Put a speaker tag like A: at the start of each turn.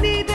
A: need